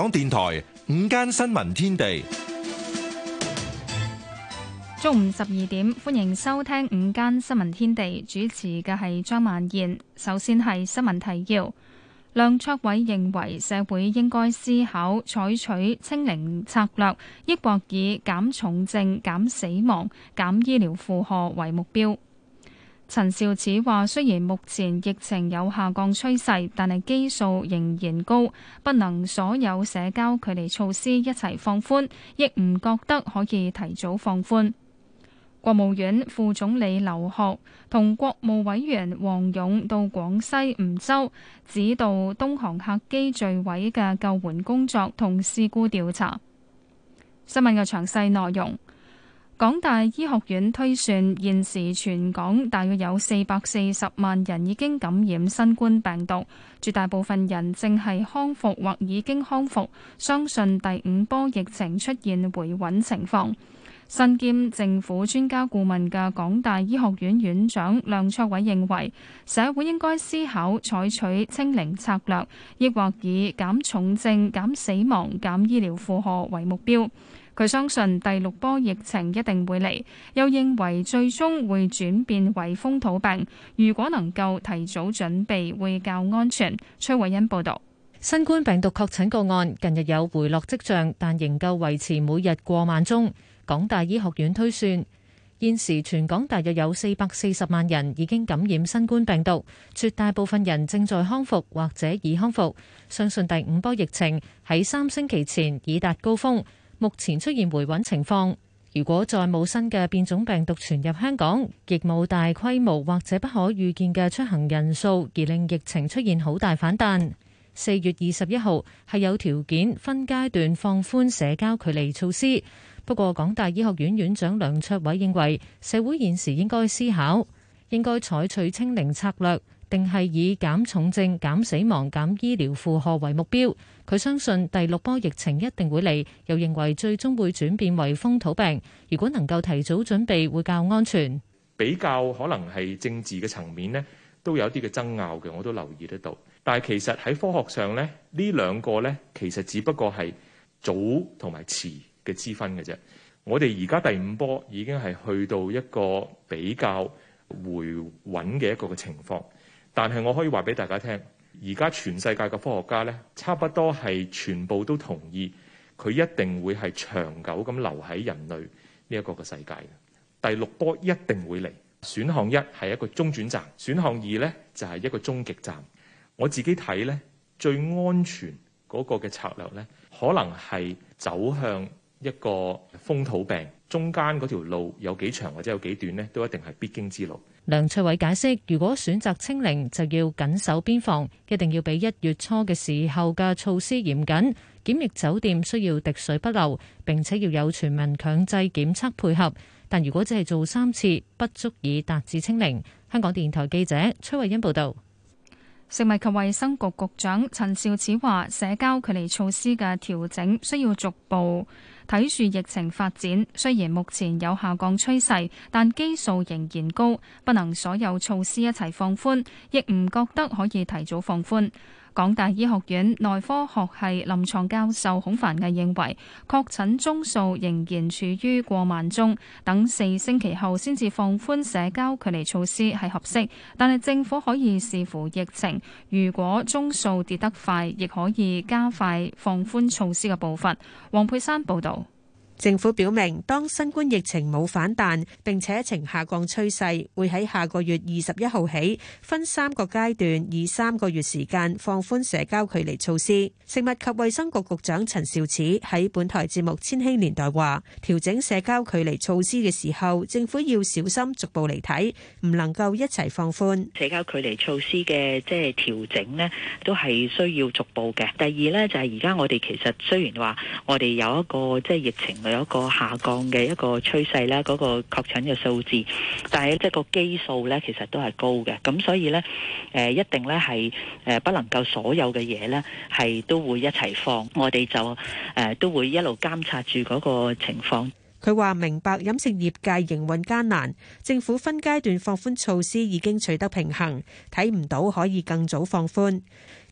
香港電台午間新聞天地，中午十二點，歡迎收聽午間新聞天地，主持嘅係張曼燕。首先係新聞提要，梁卓偉認為社會應該思考採取清零策略，抑或以減重症、減死亡、減醫療負荷為目標。陳肇始話，雖然目前疫情有下降趨勢，但係基數仍然高，不能所有社交距離措施一齊放寬，亦唔覺得可以提早放寬。國務院副總理劉鶴同國務委員王勇到廣西梧州指導東航客機墜毀嘅救援工作同事故調查。新聞嘅詳細內容。港大醫學院推算，現時全港大約有四百四十萬人已經感染新冠病毒，絕大部分人正係康復或已經康復，相信第五波疫情出現回穩情況。身兼政府專家顧問嘅港大醫學院院長梁卓偉認為，社會應該思考採取清零策略，抑或以減重症、減死亡、減醫療負荷為目標。佢相信第六波疫情一定會嚟，又認為最終會轉變為風土病。如果能夠提早準備，會較安全。崔慧欣報道：新冠病毒確診個案近日有回落跡象，但仍舊維持每日過萬宗。港大醫學院推算，現時全港大約有四百四十萬人已經感染新冠病毒，絕大部分人正在康復或者已康復。相信第五波疫情喺三星期前已達高峰。目前出現回穩情況，如果再冇新嘅變種病毒傳入香港，亦冇大規模或者不可預見嘅出行人數，而令疫情出現好大反彈。四月二十一號係有條件分階段放寬社交距離措施。不過，港大醫學院院長梁卓偉認為，社會現時應該思考，應該採取清零策略。定係以減重症、減死亡、減醫療負荷為目標。佢相信第六波疫情一定會嚟，又認為最終會轉變為風土病。如果能夠提早準備，會較安全。比較可能係政治嘅層面呢，都有一啲嘅爭拗嘅，我都留意得到。但係其實喺科學上呢，呢兩個呢，其實只不過係早同埋遲嘅之分嘅啫。我哋而家第五波已經係去到一個比較回穩嘅一個嘅情況。但係我可以話俾大家聽，而家全世界嘅科學家呢，差不多係全部都同意，佢一定會係長久咁留喺人類呢一個嘅世界。第六波一定會嚟。選項一係一個中轉站，選項二呢就係、是、一個終極站。我自己睇呢，最安全嗰個嘅策略呢，可能係走向。一個風土病，中間嗰條路有幾長或者有幾短呢，都一定係必經之路。梁翠偉解釋，如果選擇清零，就要緊守邊防，一定要比一月初嘅時候嘅措施嚴謹，檢疫酒店需要滴水不漏，並且要有全民強制檢測配合。但如果只係做三次，不足以達至清零。香港電台記者崔慧欣報道。食物及衛生局局局長陳肇始話，社交距離措施嘅調整需要逐步。睇住疫情發展，雖然目前有下降趨勢，但基數仍然高，不能所有措施一齊放寬，亦唔覺得可以提早放寬。港大醫學院內科學系臨床教授孔凡毅認為，確診宗數仍然處於過萬宗，等四星期後先至放寬社交距離措施係合適，但係政府可以視乎疫情，如果宗數跌得快，亦可以加快放寬措施嘅步伐。黃佩珊報道。政府表明，當新冠疫情冇反彈並且呈下降趨勢，會喺下個月二十一號起分三個階段，以三個月時間放寬社交距離措施。食物及衛生局局長陳肇始喺本台節目《千禧年代》話：調整社交距離措施嘅時候，政府要小心逐步嚟睇，唔能夠一齊放寬社交距離措施嘅即係調整呢，都係需要逐步嘅。第二呢，就係而家我哋其實雖然話我哋有一個即係疫情。有一個下降嘅一個趨勢啦，嗰個確診嘅數字，但係即係個基數咧，其實都係高嘅。咁所以咧，誒一定咧係誒不能夠所有嘅嘢，咧係都會一齊放。我哋就誒都會一路監察住嗰個情況。佢話明白飲食業界營運艱難，政府分階段放寬措施已經取得平衡，睇唔到可以更早放寬。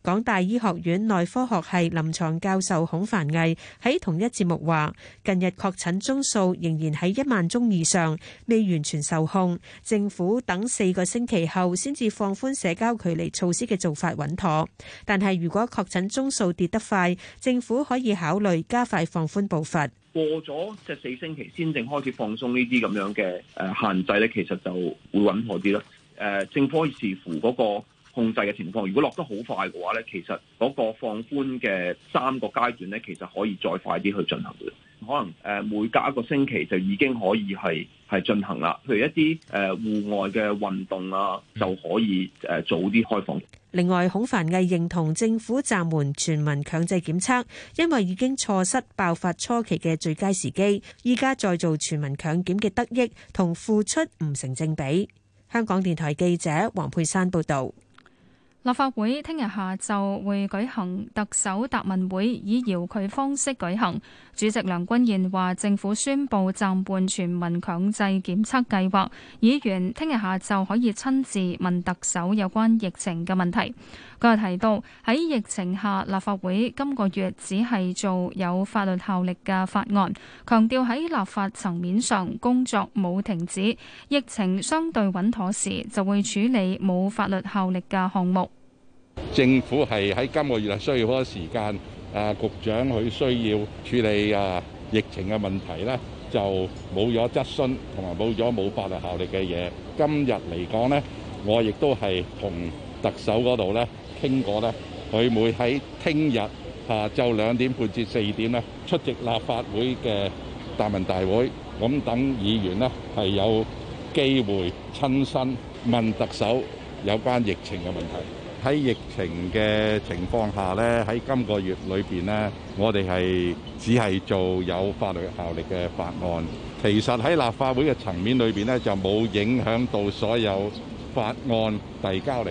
港大醫學院內科學系臨床教授孔凡毅喺同一節目話：近日確診宗數仍然喺一萬宗以上，未完全受控。政府等四個星期後先至放寬社交距離措施嘅做法穩妥，但係如果確診宗數跌得快，政府可以考慮加快放寬步伐。過咗即係四星期先正開始放鬆呢啲咁樣嘅誒限制咧，其實就會穩妥啲咯。誒，政府視乎嗰個控制嘅情況，如果落得好快嘅話，呢其實嗰個放寬嘅三個階段呢，其實可以再快啲去進行嘅。可能誒每隔一個星期就已經可以係係進行啦。譬如一啲誒戶外嘅運動啊，就可以誒早啲開放。另外，孔凡毅認同政府暫緩全民強制檢測，因為已經錯失爆發初期嘅最佳時機，依家再做全民強檢嘅得益同付出唔成正比。香港電台記者黃佩珊報道。立法會聽日下晝會舉行特首答問會，以遙距方式舉行。主席梁君彥話，政府宣布暫緩全民強制檢測計劃，議員聽日下晝可以親自問特首有關疫情嘅問題。佢又提到喺疫情下，立法會今個月只係做有法律效力嘅法案，強調喺立法層面上工作冇停止。疫情相對穩妥時，就會處理冇法律效力嘅項目。政府係喺今個月係需要好多時間。誒，局長佢需要處理誒疫情嘅問題呢，就冇咗質詢，同埋冇咗冇法律效力嘅嘢。今日嚟講呢，我亦都係同特首嗰度呢，傾過呢，佢會喺聽日下晝兩點半至四點呢，出席立法會嘅答問大會，咁等議員呢係有機會親身問特首有關疫情嘅問題。喺疫情嘅情況下咧，喺今個月裏邊，咧，我哋係只係做有法律效力嘅法案。其實，喺立法會嘅層面裏邊，咧，就冇影響到所有法案遞交嚟誒、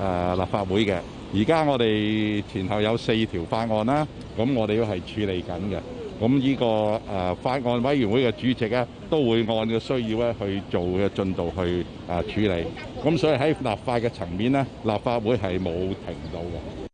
呃、立法會嘅。而家我哋前後有四條法案啦，咁我哋都係處理緊嘅。咁呢個誒法案委員會嘅主席咧，都會按照需要咧去做嘅進度去誒處理。咁所以喺立法嘅層面咧，立法會係冇停到嘅。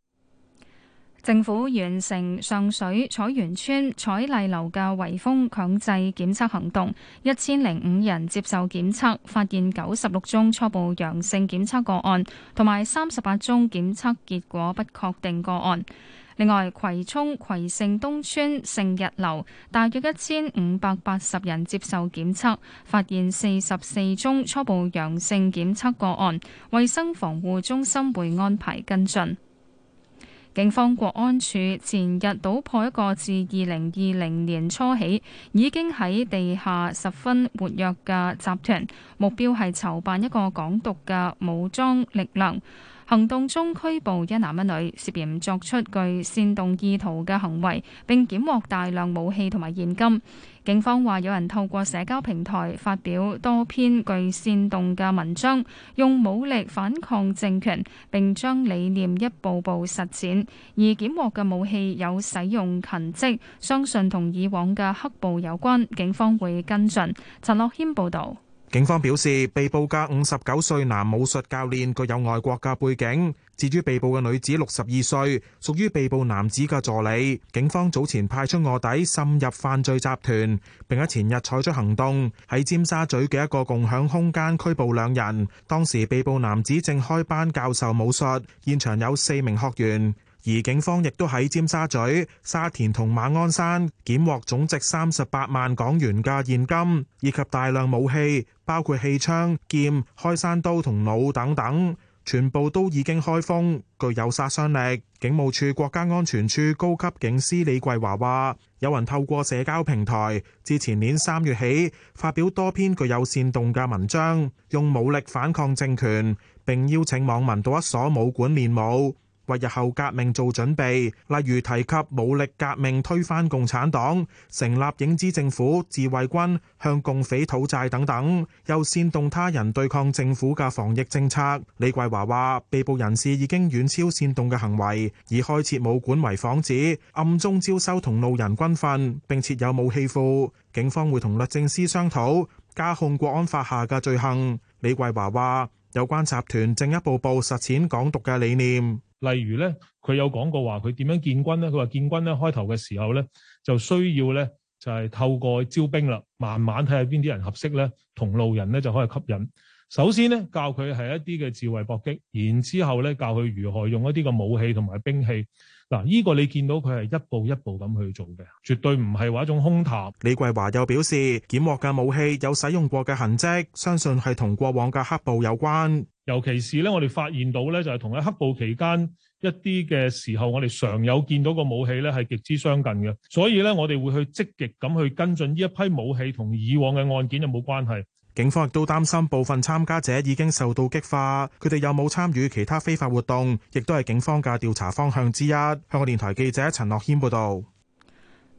政府完成上水彩園村彩麗樓嘅圍封強制檢測行動，一千零五人接受檢測，發現九十六宗初步陽性檢測個案，同埋三十八宗檢測結果不確定個案。另外，葵涌、葵盛東村、盛日樓，大約一千五百八十人接受檢測，發現四十四宗初步陽性檢測個案，衛生防護中心會安排跟進。警方國安處前日搗破一個自二零二零年初起已經喺地下十分活躍嘅集團，目標係籌辦一個港獨嘅武裝力量。行動中拘捕一男一女，涉嫌作出具煽動意圖嘅行為，並檢獲大量武器同埋現金。警方話有人透過社交平台發表多篇具煽動嘅文章，用武力反抗政權，並將理念一步步實踐。而檢獲嘅武器有使用痕跡，相信同以往嘅黑暴有關，警方會跟進。陳樂軒報導。警方表示，被捕嘅五十九歲男武術教練具有外國嘅背景；至於被捕嘅女子六十二歲，屬於被捕男子嘅助理。警方早前派出臥底滲入犯罪集團，並喺前日採取行動，喺尖沙咀嘅一個共享空間拘捕兩人。當時被捕男子正開班教授武術，現場有四名學員。而警方亦都喺尖沙咀、沙田同馬鞍山檢獲總值三十八萬港元嘅現金，以及大量武器，包括氣槍、劍、開山刀同弩等等，全部都已經開封，具有殺傷力。警務處國家安全處高級警司李桂華話，有人透過社交平台自前年三月起發表多篇具有煽動嘅文章，用武力反抗政權，並邀請網民到一所武館練武。為日後革命做準備，例如提及武力革命推翻共產黨、成立影子政府、自衛軍向共匪討債等等，又煽動他人對抗政府嘅防疫政策。李桂華話，被捕人士已經遠超煽動嘅行為，以開設武館為幌子，暗中招收同路人軍訓，並設有武器庫。警方會同律政司商討加控國安法下嘅罪行。李桂華話，有關集團正一步步實踐港獨嘅理念。例如咧，佢有講過話佢點樣建軍咧？佢話建軍咧，開頭嘅時候咧，就需要咧就係、是、透過招兵啦，慢慢睇下邊啲人合適咧，同路人咧就可以吸引。首先咧，教佢係一啲嘅智慧搏擊，然之後咧，教佢如何用一啲嘅武器同埋兵器。嗱，呢個你見到佢係一步一步咁去做嘅，絕對唔係話一種空談。李桂華又表示，檢獲嘅武器有使用過嘅痕跡，相信係同過往嘅黑暴有關。尤其是咧，我哋發現到咧，就係同喺黑暴期間一啲嘅時候，我哋常有見到個武器咧係極之相近嘅，所以咧我哋會去積極咁去跟進呢一批武器同以往嘅案件有冇關係。警方亦都擔心部分參加者已經受到激化，佢哋有冇參與其他非法活動，亦都係警方嘅調查方向之一。香港電台記者陳樂軒報導。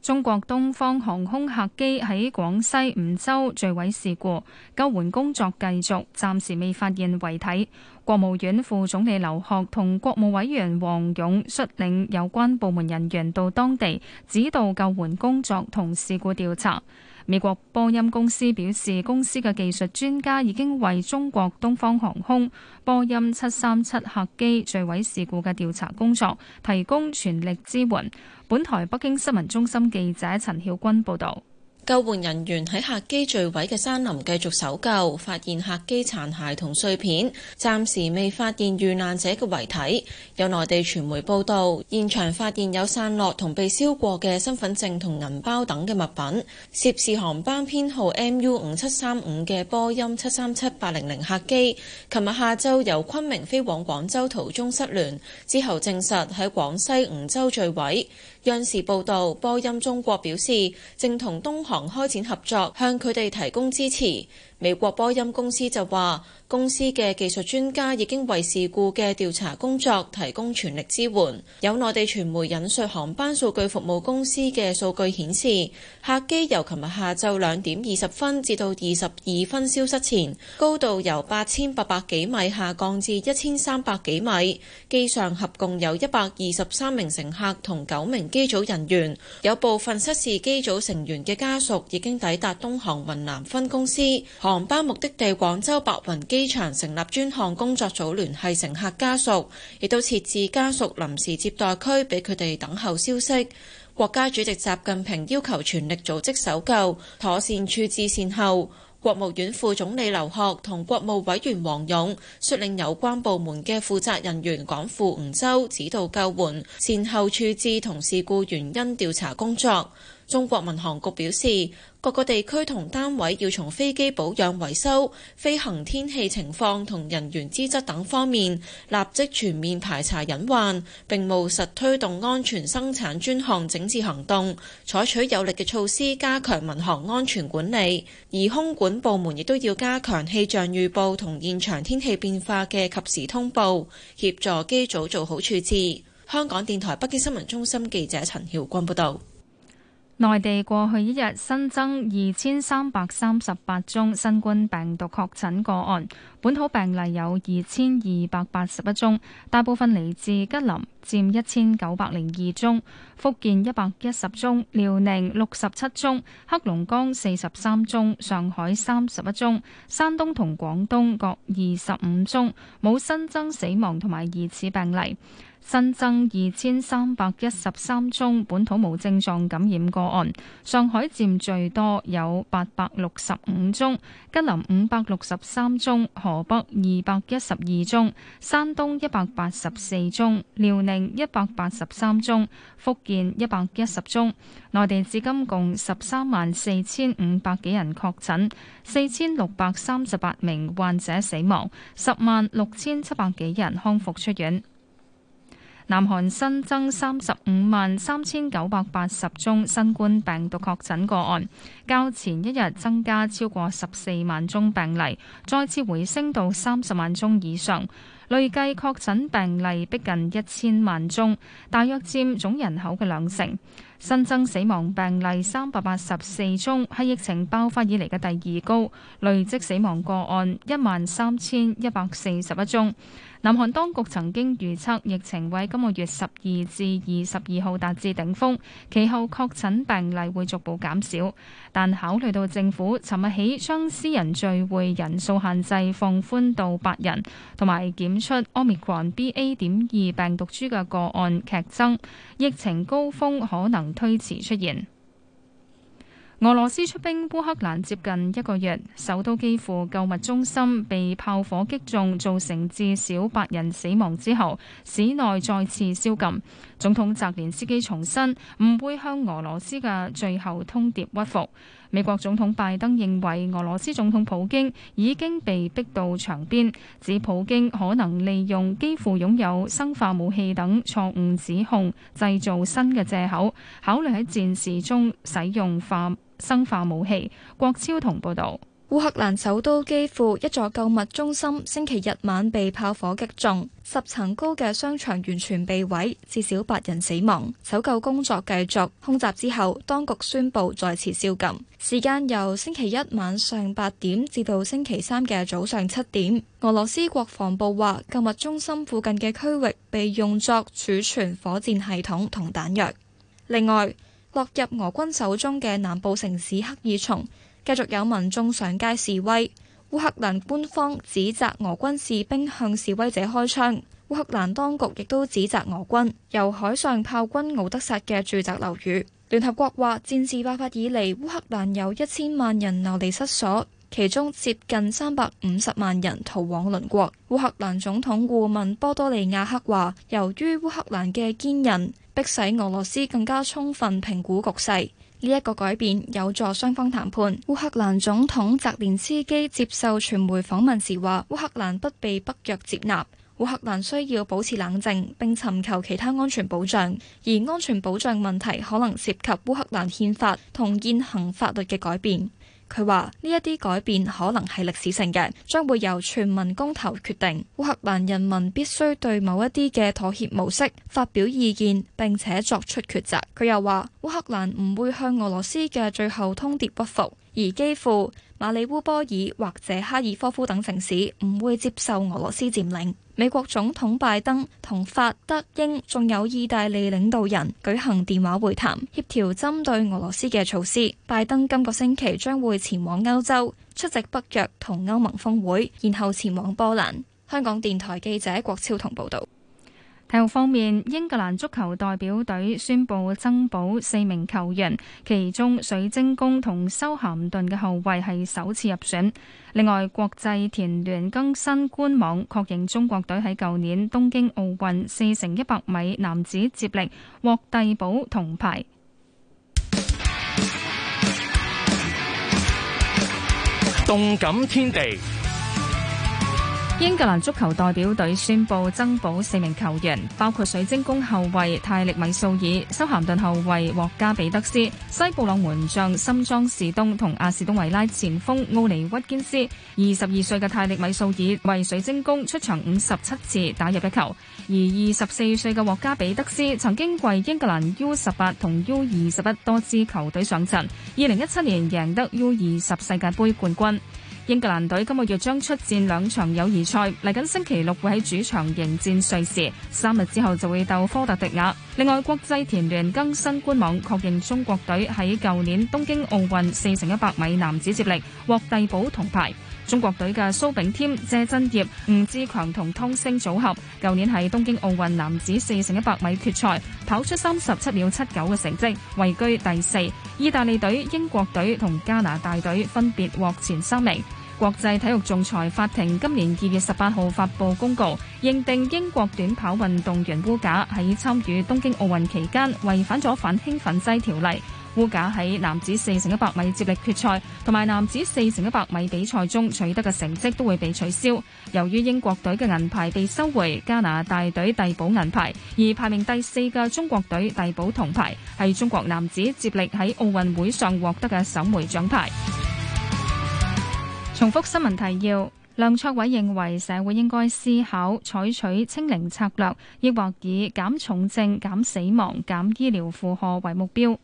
中國東方航空客機喺廣西梧州墜毀事故，救援工作繼續，暫時未發現遺體。國務院副總理劉鶴同國務委員王勇率領有關部門人員到當地指導救援工作同事故調查。美國波音公司表示，公司嘅技術專家已經為中國東方航空波音七三七客機墜毀事故嘅調查工作提供全力支援。本台北京新聞中心記者陳曉君報導。救援人員喺客機墜毀嘅山林繼續搜救，發現客機殘骸同碎片，暫時未發現遇難者嘅遺體。有內地傳媒報道，現場發現有散落同被燒過嘅身份證同銀包等嘅物品。涉事航班編號 MU 五七三五嘅波音七三七八零零客機，琴日下晝由昆明飛往廣州途中失聯，之後證實喺廣西梧州墜毀。央視報道，波音中國表示，正同東航開展合作，向佢哋提供支持。美國波音公司就話，公司嘅技術專家已經為事故嘅調查工作提供全力支援。有內地傳媒引述航班數據服務公司嘅數據顯示，客機由琴日下晝兩點二十分至到二十二分消失前，高度由八千八百幾米下降至一千三百幾米。機上合共有一百二十三名乘客同九名機組人員。有部分失事機組成員嘅家屬已經抵達東航雲南分公司。航班目的地廣州白雲機場成立專項工作組，聯繫乘客家屬，亦都設置家屬臨時接待區俾佢哋等候消息。國家主席習近平要求全力組織搜救，妥善處置善後。國務院副總理劉鶴同國務委員王勇率領有關部門嘅負責人員趕赴梧州指導救援、善後處置同事故原因調查工作。中國民航局表示，各個地區同單位要從飛機保養維修、飛行天氣情況同人員資質等方面立即全面排查隱患，並務實推動安全生產專項整治行動，採取有力嘅措施加強民航安全管理。而空管部門亦都要加強氣象預報同現場天氣變化嘅及時通報，協助機組做好處置。香港電台北京新聞中心記者陳曉君報導。內地過去一日新增二千三百三十八宗新冠病毒確診個案，本土病例有二千二百八十一宗，大部分嚟自吉林，占一千九百零二宗；福建一百一十宗，遼寧六十七宗，黑龍江四十三宗，上海三十一宗，山東同廣東各二十五宗，冇新增死亡同埋疑似病例。新增二千三百一十三宗本土無症狀感染個案，上海佔最多，有八百六十五宗；吉林五百六十三宗，河北二百一十二宗，山東一百八十四宗，遼寧一百八十三宗，福建一百一十宗。內地至今共十三萬四千五百幾人確診，四千六百三十八名患者死亡，十萬六千七百幾人康復出院。南韓新增三十五萬三千九百八十宗新冠病毒確診個案，較前一日增加超過十四萬宗病例，再次回升到三十萬宗以上，累計確診病例逼近一千萬宗，大約佔總人口嘅兩成。新增死亡病例三百八十四宗，係疫情爆發以嚟嘅第二高，累積死亡個案一萬三千一百四十一宗。南韓當局曾經預測疫情會喺今個月十二至二十二號達至頂峰，其後確診病例會逐步減少。但考慮到政府尋日起將私人聚會人數限制放寬到八人，同埋檢出 Omicron BA. 點二病毒株嘅個案劇增，疫情高峰可能推遲出現。俄羅斯出兵烏克蘭接近一個月，首都基輔購物中心被炮火擊中，造成至少八人死亡之後，市內再次宵禁。總統澤連斯基重申唔會向俄羅斯嘅最後通牒屈服。美國總統拜登認為俄羅斯總統普京已經被逼到牆邊，指普京可能利用基輔擁有生化武器等錯誤指控，製造新嘅藉口，考慮喺戰事中使用化生化武器。郭超同報道，烏克蘭首都基輔一座購物中心星期日晚被炮火擊中，十層高嘅商場完全被毀，至少八人死亡。搜救工作繼續。空襲之後，當局宣布再次宵禁，時間由星期一晚上八點至到星期三嘅早上七點。俄羅斯國防部話，購物中心附近嘅區域被用作儲存火箭系統同彈藥。另外，落入俄軍手中嘅南部城市克爾松，繼續有民眾上街示威。烏克蘭官方指責俄軍士兵向示威者開槍，烏克蘭當局亦都指責俄軍由海上炮轟敖德薩嘅住宅樓宇。聯合國話，戰事爆發以嚟，烏克蘭有一千萬人流離失所。其中接近三百五十萬人逃往鄰國。烏克蘭總統顧問波多利亞克話，由於烏克蘭嘅堅韌，迫使俄羅斯更加充分評估局勢，呢一個改變有助雙方談判。烏克蘭總統澤連斯基接受傳媒訪問時話，烏克蘭不被北約接納，烏克蘭需要保持冷靜，並尋求其他安全保障，而安全保障問題可能涉及烏克蘭憲法同現行法律嘅改變。佢話：呢一啲改變可能係歷史性嘅，將會由全民公投決定。烏克蘭人民必須對某一啲嘅妥協模式發表意見並且作出抉擇。佢又話：烏克蘭唔會向俄羅斯嘅最後通牒屈服，而幾乎馬里烏波爾或者哈爾科夫等城市唔會接受俄羅斯佔領。美國總統拜登同法德英仲有意大利領導人舉行電話會談，協調針對俄羅斯嘅措施。拜登今個星期將會前往歐洲出席北約同歐盟峰會，然後前往波蘭。香港電台記者郭超同報道。體育方面，英格蘭足球代表隊宣布增補四名球員，其中水晶宮同修咸頓嘅後衛係首次入選。另外，國際田聯更新官網，確認中國隊喺舊年東京奧運四乘一百米男子接力獲遞補銅牌。動感天地。英格蘭足球代表隊宣佈增補四名球員，包括水晶宮後衛泰力米素爾、修咸頓後衛霍加比德斯、西布朗門將森莊士東同阿士東維拉前鋒奧尼屈堅斯。二十二歲嘅泰力米素爾為水晶宮出場五十七次，打入一球；而二十四歲嘅霍加比德斯曾經為英格蘭 U 十八同 U 二十一多支球隊上陣，二零一七年贏得 U 二十世界杯冠軍。英格蘭隊今個月將出戰兩場友誼賽，嚟緊星期六會喺主場迎戰瑞士，三日之後就會鬥科特迪瓦。另外，國際田聯更新官網，確認中國隊喺舊年東京奧運四乘一百米男子接力獲遞補銅牌。中國隊嘅蘇炳添、謝震業、吳志強同湯星組合，舊年喺東京奧運男子四乘一百米決賽跑出三十七秒七九嘅成績，位居第四。意大利隊、英國隊同加拿大隊分別獲前三名。國際體育仲裁法庭今年二月十八號發佈公告，認定英國短跑運動員烏賈喺參與東京奧運期間違反咗反興奮劑條例。烏賈喺男子四乘一百米接力決賽同埋男子四乘一百米比賽中取得嘅成績都會被取消。由於英國隊嘅銀牌被收回，加拿大隊遞補銀牌，而排名第四嘅中國隊遞補銅牌，係中國男子接力喺奧運會上獲得嘅首枚獎牌。重複新聞提要。梁卓偉認為社會應該思考採取清零策略，抑或以減重症、減死亡、減醫療負荷為目標。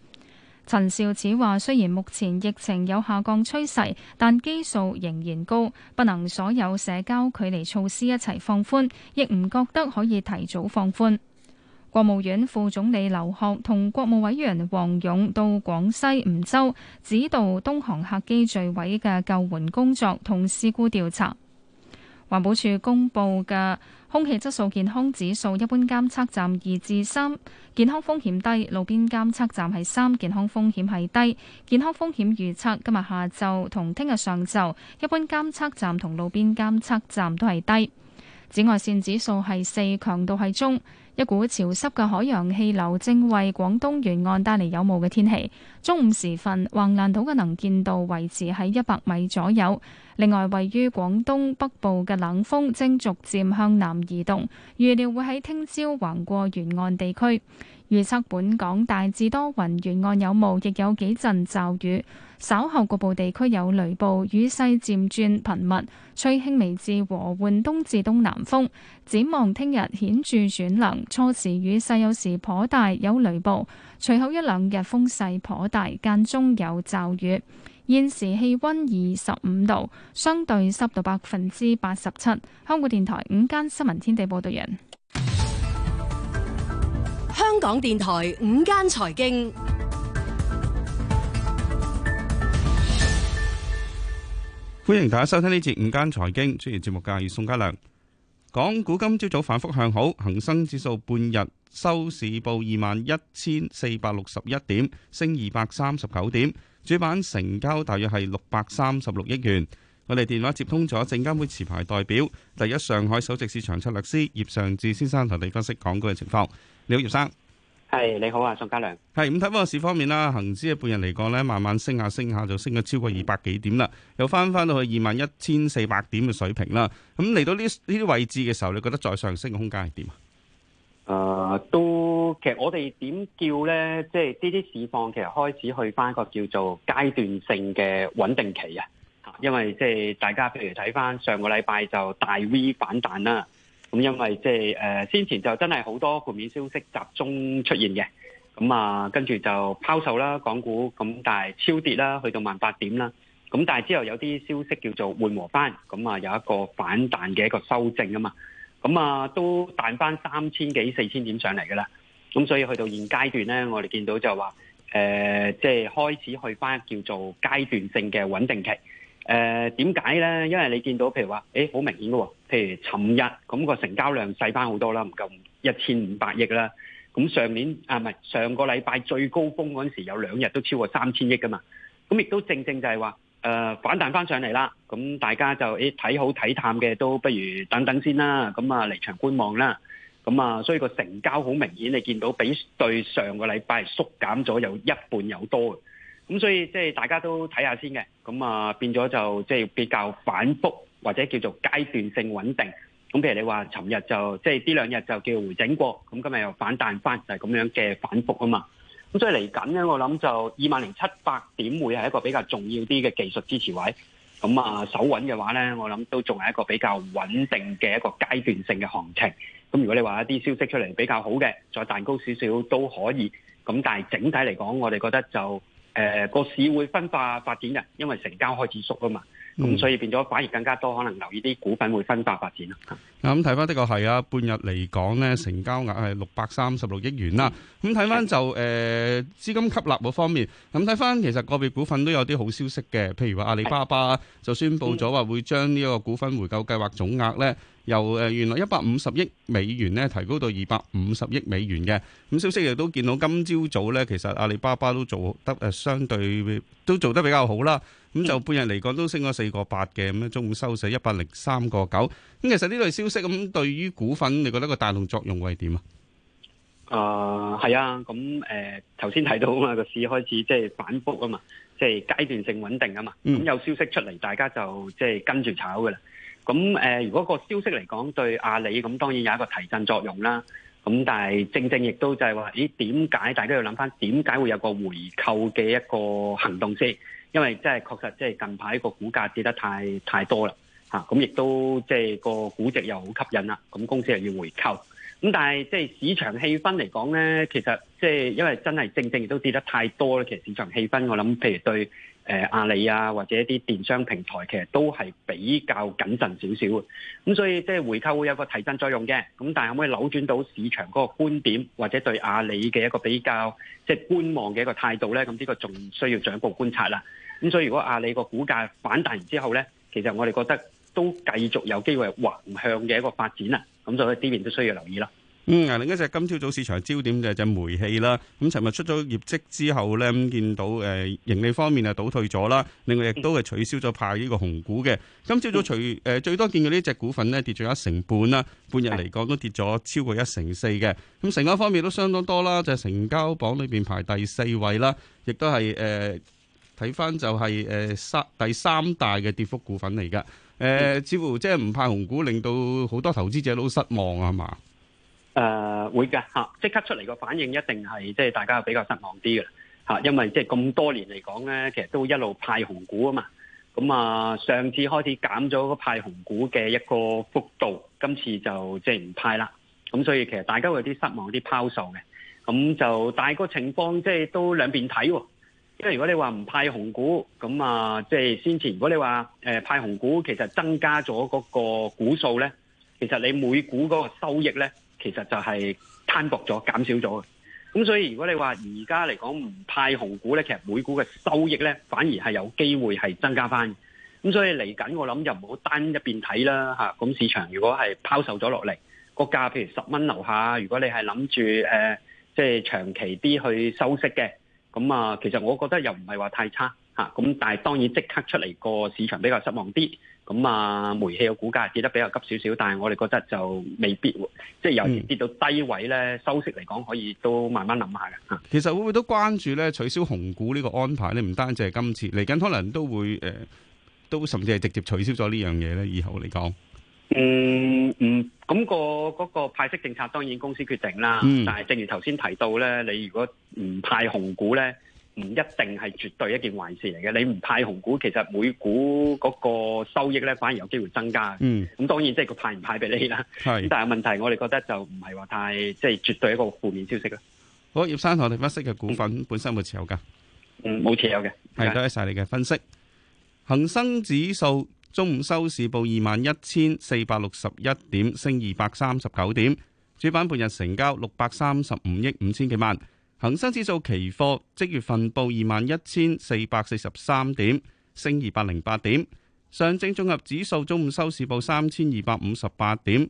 陳肇始話：雖然目前疫情有下降趨勢，但基數仍然高，不能所有社交距離措施一齊放寬，亦唔覺得可以提早放寬。國務院副總理劉鶴同國務委員王勇到廣西梧州指導東航客機墜毀嘅救援工作同事故調查。環保署公布嘅空氣質素健康指數，一般監測站二至三，健康風險低；路邊監測站係三，健康風險係低。健康風險預測今日下晝同聽日上晝，一般監測站同路邊監測站都係低。紫外線指數係四，強度係中。一股潮濕嘅海洋氣流正為廣東沿岸帶嚟有霧嘅天氣。中午時分，橫瀾島嘅能見度維持喺一百米左右。另外，位於廣東北部嘅冷鋒正逐漸向南移動，預料會喺聽朝橫過沿岸地區。預測本港大致多雲，沿岸有霧，亦有幾陣驟雨。稍後局部地區有雷暴，雨勢漸轉頻密，吹輕微至和緩東至東南風。展望聽日顯著轉冷，初時雨勢有時頗大，有雷暴。隨後一兩日風勢頗大，間中有驟雨。現時氣温二十五度，相對濕度百分之八十七。香港電台午間新聞天地報道員。香港電台午間財經，歡迎大家收聽呢節午間財經。主持節目嘅係宋嘉良。港股今朝早反覆向好，恒生指數半日收市報二萬一千四百六十一點，升二百三十九點，主板成交大約係六百三十六億元。我哋電話接通咗證監會持牌代表、第一上海首席市場策略師葉尚志先生，同你分析港股嘅情況。你好，葉生。係你好啊，宋家良。係咁睇波市方面啦，恒指啊，半日嚟講咧，慢慢升下升下，就升咗超過二百幾點啦，又翻翻到去二萬一千四百點嘅水平啦。咁嚟到呢呢啲位置嘅時候，你覺得再上升嘅空間係點啊？誒、呃，都其實我哋點叫咧，即係呢啲市況其實開始去翻一個叫做階段性嘅穩定期啊。因為即係大家譬如睇翻上個禮拜就大 V 反彈啦。咁因為即係誒先前就真係好多負面消息集中出現嘅，咁、嗯、啊跟住就拋售啦，港股咁但係超跌啦，去到萬八點啦，咁、嗯、但係之後有啲消息叫做緩和翻，咁、嗯、啊有一個反彈嘅一個修正啊嘛，咁、嗯、啊都彈翻三千幾四千點上嚟噶啦，咁、嗯、所以去到現階段咧，我哋見到就話誒即係開始去翻叫做階段性嘅穩定期，誒點解咧？因為你見到譬如話，誒、欸、好明顯嘅喎。譬如尋日咁、那個成交量細翻好多啦，唔夠一千五百億啦。咁上年啊，唔係上個禮拜最高峰嗰陣時，有兩日都超過三千億噶嘛。咁亦都正正就係話，誒、呃、反彈翻上嚟啦。咁大家就誒睇、欸、好睇淡嘅，都不如等等先啦。咁啊嚟場觀望啦。咁啊，所以個成交好明顯，你見到比對上個禮拜縮減咗有一半有多咁所以即係、就是、大家都睇下先嘅。咁啊變咗就即係、就是、比較反覆。或者叫做階段性穩定，咁譬如你話，尋日就即係呢兩日就叫回整過，咁今日又反彈翻，就係、是、咁樣嘅反覆啊嘛。咁所以嚟緊咧，我諗就二萬零七百點會係一個比較重要啲嘅技術支持位。咁啊，守穩嘅話咧，我諗都仲係一個比較穩定嘅一個階段性嘅行情。咁如果你話一啲消息出嚟比較好嘅，再彈高少少都可以。咁但係整體嚟講，我哋覺得就。誒，個、呃、市會分化發，發展嘅，因為成交開始縮啊嘛，咁、嗯、所以變咗反而更加多可能留意啲股份會分化發，發展啦。咁睇翻呢個係啊，半日嚟講咧，成交額係六百三十六億元啦。咁睇翻就誒、呃，資金吸納嗰方面，咁睇翻其實個別股份都有啲好消息嘅，譬如話阿里巴巴就宣佈咗話會將呢個股份回購計劃總額咧。由誒原來一百五十億美元咧提高到二百五十億美元嘅，咁消息亦都見到今朝早咧，其實阿里巴巴都做得誒、呃、相對都做得比較好啦。咁、嗯、就半日嚟講都升咗四個八嘅，咁啊中午收市一百零三個九。咁其實呢類消息咁對於股份你覺得個帶動作用會係點、呃、啊？誒係啊，咁誒頭先睇到啊嘛，個市開始即係反覆啊嘛，即、就、係、是、階段性穩定啊嘛。咁有消息出嚟，大家就即係跟住炒噶啦。咁誒、嗯呃，如果個消息嚟講對阿里咁、嗯，當然有一個提振作用啦。咁、嗯、但係正正亦都就係話，咦？點解大家要諗翻點解會有個回購嘅一個行動先？因為即係確實，即係近排個股價跌得太太多啦，嚇、啊！咁、嗯、亦都即係個股值又好吸引啦。咁、嗯、公司又要回購。咁、嗯、但係即係市場氣氛嚟講咧，其實即係因為真係正正亦都跌得太多咧。其實市場氣氛我，我諗譬如對。誒、呃，阿里啊，或者一啲電商平台，其實都係比較謹慎少少嘅，咁所以即係回購會有個提振作用嘅，咁但係可唔可以扭轉到市場嗰個觀點，或者對阿里嘅一個比較即係、就是、觀望嘅一個態度咧？咁呢個仲需要進一步觀察啦。咁所以如果阿里個股價反彈完之後咧，其實我哋覺得都繼續有機會橫向嘅一個發展啦，咁所以呢邊都需要留意啦。嗯，嗱，另一隻今朝早市場焦點就係隻煤氣啦。咁，尋日出咗業績之後咧，咁見到誒盈利方面啊倒退咗啦。另外亦都係取消咗派呢個紅股嘅。今朝早除誒最多見到呢隻股份咧跌咗一成半啦，半日嚟講都跌咗超過一成四嘅。咁，成交方面都相當多啦，就係、是、成交榜裏邊排第四位啦，亦都係誒睇翻，就係誒三第三大嘅跌幅股份嚟噶。誒、呃，似乎即係唔派紅股，令到好多投資者都失望啊？係嘛？誒、呃，會噶吓，即、啊、刻出嚟，個反應一定係即係大家比較失望啲嘅吓，因為即係咁多年嚟講咧，其實都一路派紅股啊嘛，咁啊上次開始減咗個派紅股嘅一個幅度，今次就即係唔派啦，咁所以其實大家會有啲失望啲拋售嘅，咁就大係個情況即係都兩邊睇喎，因為如果你話唔派紅股，咁啊即係、就是、先前如果你話誒派紅股，其實增加咗嗰個股數咧，其實你每股嗰個收益咧。其實就係攤薄咗，減少咗嘅。咁所以如果你話而家嚟講唔派紅股咧，其實每股嘅收益咧反而係有機會係增加翻。咁所以嚟緊我諗又唔好單一邊睇啦，嚇、啊。咁市場如果係拋售咗落嚟個價，譬如十蚊樓下，如果你係諗住誒，即、呃、係、就是、長期啲去收息嘅，咁啊，其實我覺得又唔係話太差嚇。咁、啊啊、但係當然即刻出嚟個市場比較失望啲。咁啊，煤氣嘅股價跌得比較急少少，但係我哋覺得就未必，即係由跌到低位咧，嗯、收息嚟講可以都慢慢諗下嘅。其實會唔會都關注咧取消紅股呢個安排咧？唔單止係今次嚟緊，可能都會誒、呃，都甚至係直接取消咗呢樣嘢咧。以後嚟講、嗯，嗯嗯，咁、個嗰個、派息政策當然公司決定啦。嗯、但係正如頭先提到咧，你如果唔派紅股咧。唔一定係絕對一件壞事嚟嘅，你唔派紅股，其實每股嗰個收益咧，反而有機會增加。嗯，咁當然即係佢派唔派俾你啦。係，但係問題，我哋覺得就唔係話太即係絕對一個負面消息咯。好，葉生同我哋分析嘅股份本身有冇持有噶？嗯，冇持有嘅。係，多謝晒你嘅分析。恒生指數中午收市報二萬一千四百六十一點，升二百三十九點。主板半日成交六百三十五億五千幾萬。恒生指數期貨即月份報二萬一千四百四十三點，升二百零八點。上證綜合指數中午收市報三千二百五十八點，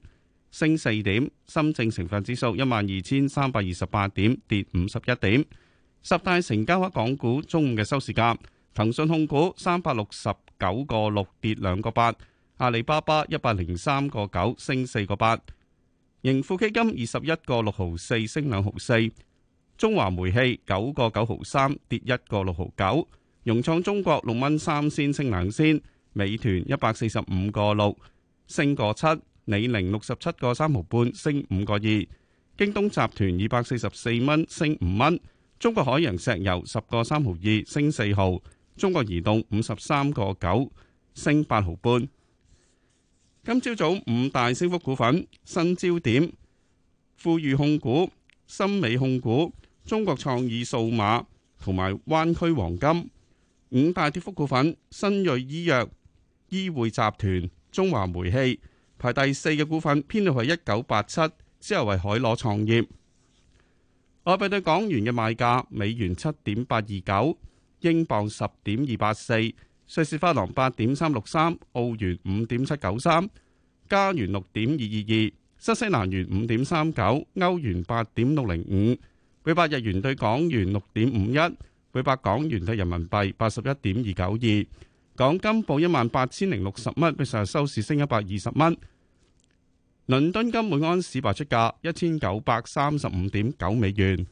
升四點。深證成分指數一萬二千三百二十八點，跌五十一點。十大成交額港股中午嘅收市價，騰訊控股三百六十九個六跌兩個八，阿里巴巴一百零三個九升四個八，盈富基金二十一個六毫四升兩毫四。中華煤氣九個九毫三跌一個六毫九，融創中國六蚊三先升兩仙，美團一百四十五個六升個七，李寧六十七個三毫半升五個二，京東集團二百四十四蚊升五蚊，中國海洋石油十個三毫二升四毫，中國移動五十三個九升八毫半。今朝早五大升幅股份新焦點、富裕控股、森美控股。中國創意數碼同埋灣區黃金。五大跌幅股份，新銳醫藥、醫匯集團、中華煤氣排第四嘅股份，編號係一九八七之後，為海螺創業。外幣對港元嘅賣價，美元七點八二九，英鎊十點二八四，瑞士法郎八點三六三，澳元五點七九三，加元六點二二二，新西蘭元五點三九，歐元八點六零五。每百日元兌港元六點五一，每百港元兌人民幣八十一點二九二。港金報一萬八千零六十蚊，比上日收市升一百二十蚊。倫敦金每安士賣出價一千九百三十五點九美元。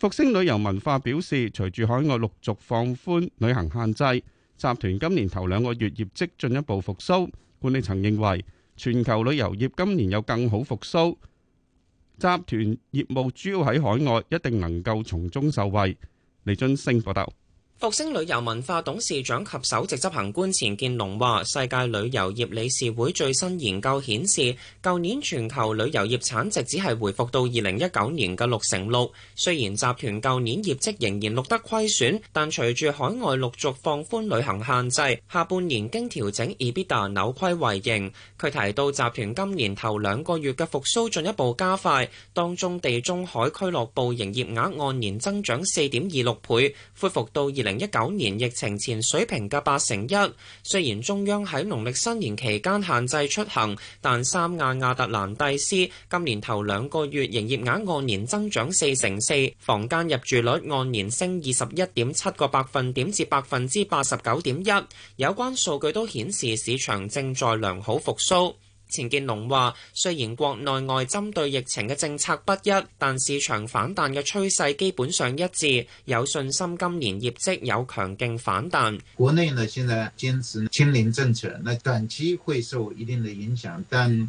復星旅遊文化表示，隨住海外陸續放寬旅行限制，集團今年頭兩個月業績進一步復蘇。管理層認為，全球旅遊業今年有更好復蘇。集團業務主要喺海外，一定能夠從中受惠。李俊升報道。復星旅遊文化董事長及首席執行官錢建龍話：世界旅遊業理事會最新研究顯示，舊年全球旅遊業產值只係回復到二零一九年嘅六成六。雖然集團舊年業績仍然錄得虧損，但隨住海外陸續放寬旅行限制，下半年經調整 EBITDA 扭虧為盈。佢提到集團今年頭兩個月嘅復甦進一步加快，當中地中海俱樂部營業額按年增長四點二六倍，恢復到二零零一九年疫情前水平嘅八成一。雖然中央喺農曆新年期間限制出行，但三亞亞特蘭蒂斯今年頭兩個月營業額按年增長四成四，房間入住率按年升二十一點七個百分點至百分之八十九點一。有關數據都顯示市場正在良好復蘇。陳建龍話：雖然國內外針對疫情嘅政策不一，但市場反彈嘅趨勢基本上一致，有信心今年業績有強勁反彈。國內呢，現在堅持清零政策，那短期會受一定的影響，但。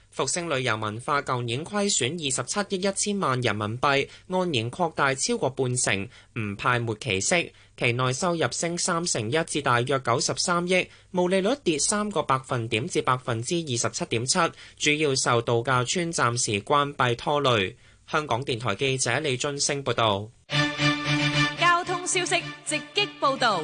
復星旅遊文化舊年虧損二十七億一千萬人民幣，按年擴大超過半成，唔派末期息。期內收入升三成一至大約九十三億，毛利率跌三個百分點至百分之二十七點七，主要受度假村暫時關閉拖累。香港電台記者李俊升報道。交通消息直擊報道。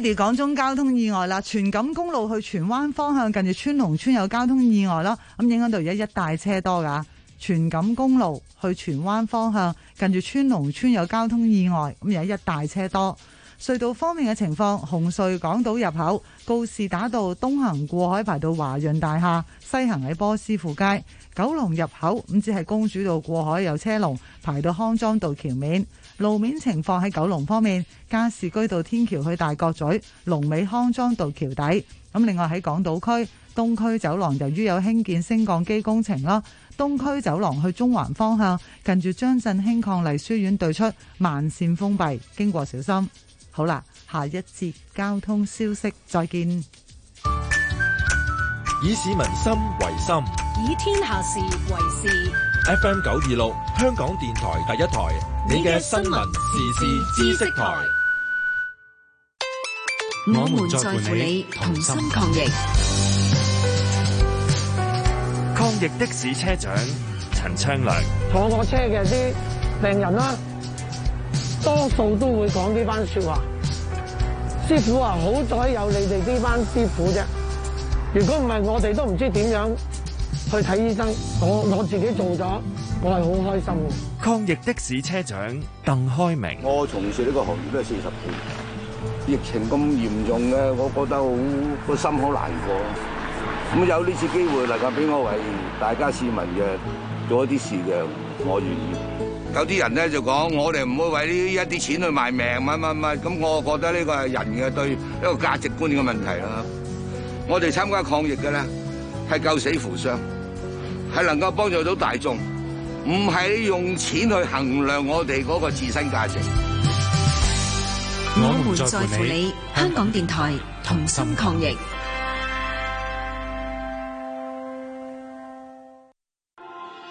啲港中交通意外啦，荃錦公路去荃灣方向近住川龍村有交通意外啦，咁影響到而家一大車多噶，荃錦公路去荃灣方向近住川龍村有交通意外，咁而家一大車，車多。隧道方面嘅情況，紅隧港島入口告士打道東行過海排到華潤大廈，西行喺波斯富街；九龍入口咁只係公主道過海有車龍，排到康莊道橋面。路面情況喺九龍方面，加士居道天橋去大角咀、龍尾康莊道橋底。咁另外喺港島區東區走廊，由於有興建升降機工程啦，東區走廊去中環方向近住張振興伉儷書院對出慢線封閉，經過小心。好啦，下一節交通消息再見。以市民心為心，以天下事為事。FM 九二六，香港電台第一台，你嘅新聞時事知識台。我們在乎你，同心抗疫。抗疫的士車長陳昌良，坐我車嘅啲病人啦、啊。多數都會講呢番説話，師傅話好彩有你哋呢班師傅啫。如果唔係，我哋都唔知點樣去睇醫生。我我自己做咗，我係好開心嘅。抗疫的士車長鄧開明，我從事呢個行業都係四十年，疫情咁嚴重嘅，我覺得好個心好難過。咁有呢次機會能夠俾我為大家市民嘅做一啲事嘅，我願意。有啲人咧就講，我哋唔會為呢一啲錢去賣命，乜乜乜。咁我覺得呢個係人嘅對一個價值觀嘅問題啦。我哋參加抗疫嘅咧，係救死扶傷，係能夠幫助到大眾，唔係用錢去衡量我哋嗰個自身價值。我們在乎你，香港電台同心抗疫。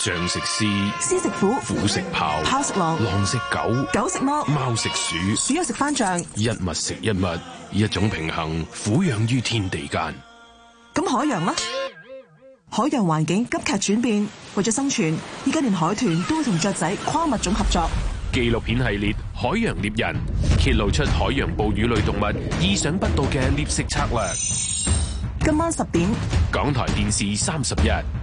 象食獅，獅食虎，虎食豹，豹食，豹，豹食狼，狼食狗，狗食貓，貓食鼠，鼠又食翻象，一物食一物，一種平衡，俯仰於天地間。咁海洋呢，海洋環境急劇轉變，為咗生存，依家連海豚都同雀仔跨物種合作。紀錄片系列《海洋獵人》揭露出海洋哺乳類動物意想不到嘅獵食策略。今晚十點，港台電視三十一。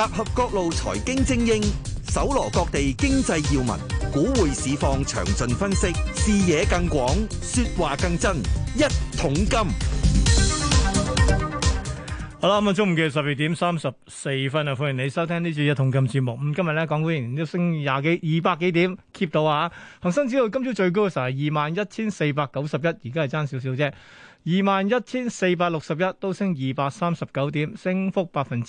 集合各路財經精英，搜羅各地經濟要聞，股匯市況詳盡分析，視野更廣，說話更真。一桶金。好啦，咁啊，中午嘅十二點三十四分啊，歡迎你收聽呢次一桶金節目。咁今日咧，港股仍然都升廿幾二百幾點 keep 到啊。恒生指數今朝最高嘅時候係二萬一千四百九十一，而家係差少少啫，二萬一千四百六十一都升二百三十九點，升幅百分之。